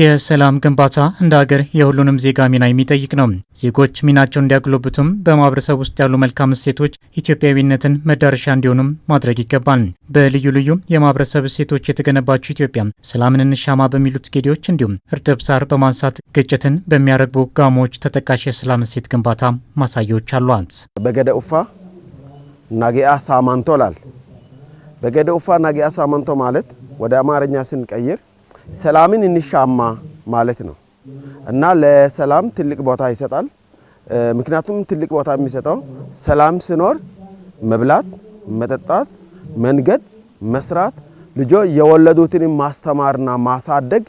የሰላም ግንባታ እንደ ሀገር የሁሉንም ዜጋ ሚና የሚጠይቅ ነው። ዜጎች ሚናቸውን እንዲያግሎብቱም በማህበረሰብ ውስጥ ያሉ መልካም እሴቶች ኢትዮጵያዊነትን መዳረሻ እንዲሆኑም ማድረግ ይገባል። በልዩ ልዩ የማህበረሰብ እሴቶች የተገነባቸው ኢትዮጵያ ሰላምን እንሻማ በሚሉት ጌዴዎች እንዲሁም እርጥብ ሳር በማንሳት ግጭትን በሚያረግቡ ጋሞዎች ተጠቃሽ የሰላም እሴት ግንባታ ማሳያዎች አሏት። በገደ ኡፋ ናጌአ ሳማንቶ ላል በገደ ኡፋ ናጌአ ሳማንቶ ማለት ወደ አማርኛ ስንቀይር ሰላምን እንሻማ ማለት ነው እና ለሰላም ትልቅ ቦታ ይሰጣል። ምክንያቱም ትልቅ ቦታ የሚሰጠው ሰላም ሲኖር መብላት፣ መጠጣት፣ መንገድ፣ መስራት ልጆ የወለዱትን ማስተማርና ማሳደግ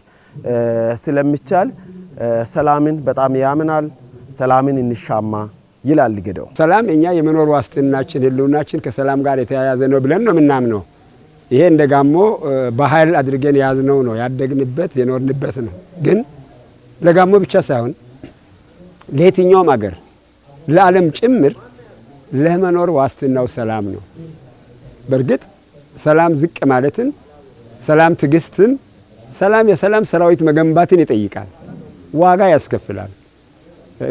ስለሚቻል ሰላምን በጣም ያምናል። ሰላምን እንሻማ ይላል ገዳው። ሰላም እኛ የመኖር ዋስትናችን፣ ህልውናችን ከሰላም ጋር የተያያዘ ነው ብለን ነው የምናምነው። ይሄ እንደ ጋሞ ባህል አድርገን የያዝነው ነው፣ ያደግንበት የኖርንበት ነው። ግን ለጋሞ ብቻ ሳይሆን ለየትኛውም አገር ለዓለም ጭምር ለመኖር ዋስትናው ሰላም ነው። በእርግጥ ሰላም ዝቅ ማለትን፣ ሰላም ትዕግስትን፣ ሰላም የሰላም ሰራዊት መገንባትን ይጠይቃል፣ ዋጋ ያስከፍላል።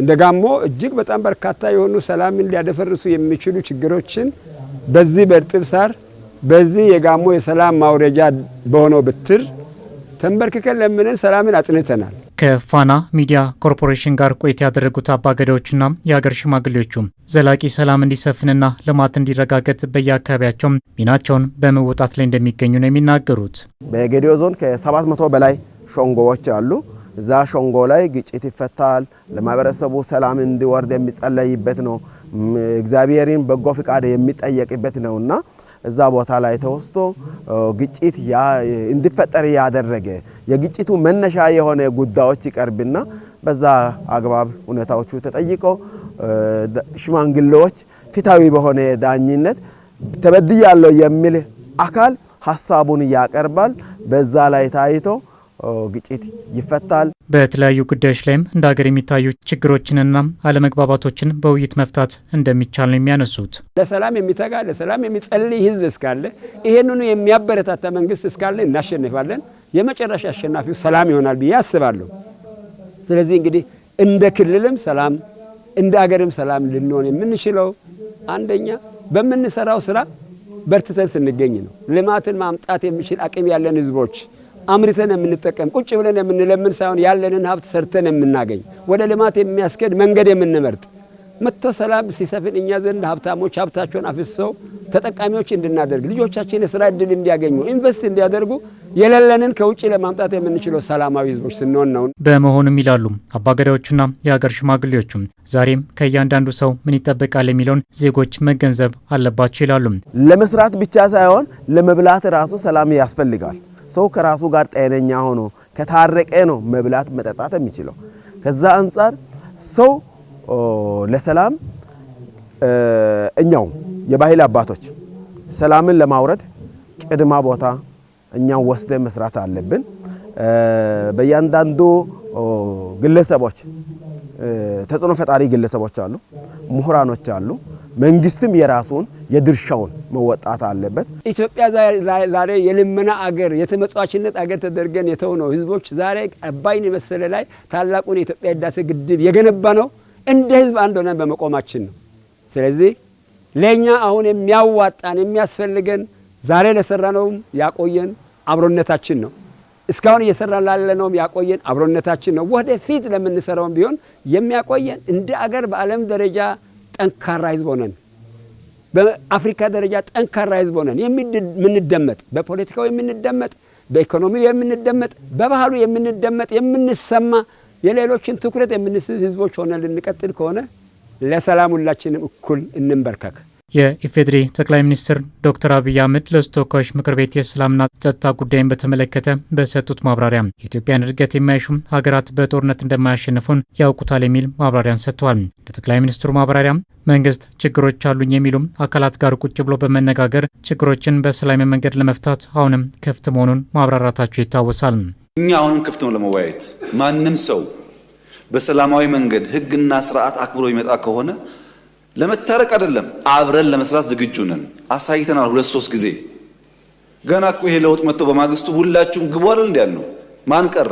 እንደ ጋሞ እጅግ በጣም በርካታ የሆኑ ሰላምን ሊያደፈርሱ የሚችሉ ችግሮችን በዚህ በእርጥብ ሳር በዚህ የጋሞ የሰላም ማውረጃ በሆነው ብትር ተንበርክከን ለምንን ሰላምን አጽንተናል። ከፋና ሚዲያ ኮርፖሬሽን ጋር ቆይታ ያደረጉት አባገዳዎችና የሀገር ሽማግሌዎቹም ዘላቂ ሰላም እንዲሰፍንና ልማት እንዲረጋገጥ በየአካባቢያቸውም ሚናቸውን በመወጣት ላይ እንደሚገኙ ነው የሚናገሩት። በጌዲዮ ዞን ከሰባት መቶ በላይ ሾንጎዎች አሉ። እዛ ሾንጎ ላይ ግጭት ይፈታል። ለማህበረሰቡ ሰላም እንዲወርድ የሚጸለይበት ነው። እግዚአብሔርን በጎ ፍቃድ የሚጠየቅበት ነውና እዛ ቦታ ላይ ተወስቶ ግጭት እንዲፈጠር ያደረገ የግጭቱ መነሻ የሆነ ጉዳዮች ይቀርብና በዛ አግባብ ሁኔታዎቹ ተጠይቆ ሽማግሌዎች ፊታዊ በሆነ ዳኝነት ተበድያለሁ የሚል አካል ሀሳቡን ያቀርባል። በዛ ላይ ታይቶ ግጭት ይፈታል። በተለያዩ ጉዳዮች ላይም እንደ ሀገር የሚታዩ ችግሮችንና አለመግባባቶችን በውይይት መፍታት እንደሚቻል ነው የሚያነሱት። ለሰላም የሚተጋ ለሰላም የሚጸልይ ህዝብ እስካለ ይሄንኑ የሚያበረታታ መንግስት እስካለ እናሸንፋለን። የመጨረሻ አሸናፊው ሰላም ይሆናል ብዬ አስባለሁ። ስለዚህ እንግዲህ እንደ ክልልም ሰላም እንደ አገርም ሰላም ልንሆን የምንችለው አንደኛ በምንሰራው ስራ በርትተን ስንገኝ ነው። ልማትን ማምጣት የሚችል አቅም ያለን ህዝቦች አምርተን የምንጠቀም ቁጭ ብለን የምንለምን ሳይሆን ያለንን ሀብት ሰርተን የምናገኝ ወደ ልማት የሚያስኬድ መንገድ የምንመርጥ መጥቶ ሰላም ሲሰፍን እኛ ዘንድ ሀብታሞች ሀብታቸውን አፍስሰው ተጠቃሚዎች እንድናደርግ ልጆቻችን የስራ እድል እንዲያገኙ ኢንቨስት እንዲያደርጉ የሌለንን ከውጭ ለማምጣት የምንችለው ሰላማዊ ህዝቦች ስንሆን ነው። በመሆኑም ይላሉ አባገዳዮቹና የሀገር ሽማግሌዎቹም ዛሬም ከእያንዳንዱ ሰው ምን ይጠበቃል የሚለውን ዜጎች መገንዘብ አለባቸው ይላሉ። ለመስራት ብቻ ሳይሆን ለመብላት ራሱ ሰላም ያስፈልጋል። ሰው ከራሱ ጋር ጤነኛ ሆኖ ከታረቀ ነው መብላት መጠጣት የሚችለው። ከዛ አንጻር ሰው ለሰላም እኛው የባህል አባቶች ሰላምን ለማውረድ ቅድማ ቦታ እኛው ወስደ መስራት አለብን። በእያንዳንዱ ግለሰቦች ተጽዕኖ ፈጣሪ ግለሰቦች አሉ፣ ምሁራኖች አሉ። መንግስትም የራሱን የድርሻውን መወጣት አለበት። ኢትዮጵያ ዛሬ የልመና አገር የተመጽዋችነት አገር ተደርገን የተው ነው ህዝቦች ዛሬ አባይን የመሰለ ላይ ታላቁን የኢትዮጵያ ህዳሴ ግድብ የገነባ ነው እንደ ህዝብ አንድ ሆነን በመቆማችን ነው። ስለዚህ ለእኛ አሁን የሚያዋጣን የሚያስፈልገን ዛሬ ለሰራነውም ያቆየን አብሮነታችን ነው። እስካሁን እየሰራን ላለነውም ያቆየን አብሮነታችን ነው። ወደፊት ለምንሰራውም ቢሆን የሚያቆየን እንደ አገር በዓለም ደረጃ ጠንካራ ህዝብ ሆነን በአፍሪካ ደረጃ ጠንካራ ህዝብ ሆነን የምንደመጥ በፖለቲካው የምንደመጥ በኢኮኖሚው የምንደመጥ በባህሉ የምንደመጥ የምንሰማ የሌሎችን ትኩረት የምንስብ ህዝቦች ሆነን ልንቀጥል ከሆነ ለሰላም ሁላችንም እኩል እንንበርከክ። የኢፌዴሪ ጠቅላይ ሚኒስትር ዶክተር አብይ አህመድ ለሕዝብ ምክር ቤት የሰላምና ጸጥታ ጉዳይን በተመለከተ በሰጡት ማብራሪያ የኢትዮጵያን እድገት የማይሹም ሀገራት በጦርነት እንደማያሸንፉን ያውቁታል የሚል ማብራሪያን ሰጥተዋል። ለጠቅላይ ሚኒስትሩ ማብራሪያ መንግስት ችግሮች አሉኝ የሚሉም አካላት ጋር ቁጭ ብሎ በመነጋገር ችግሮችን በሰላማዊ መንገድ ለመፍታት አሁንም ክፍት መሆኑን ማብራራታቸው ይታወሳል። እኛ አሁንም ክፍት ነው ለመወያየት። ማንም ሰው በሰላማዊ መንገድ ህግና ስርዓት አክብሮ ይመጣ ከሆነ ለመታረቅ አይደለም፣ አብረን ለመስራት ዝግጁ ነን። አሳይተናል ሁለት ሶስት ጊዜ። ገና እኮ ይሄ ለውጥ መጥቶ በማግስቱ ሁላችሁም ግቡ አለ እንዲያል ነው። ማን ቀረ?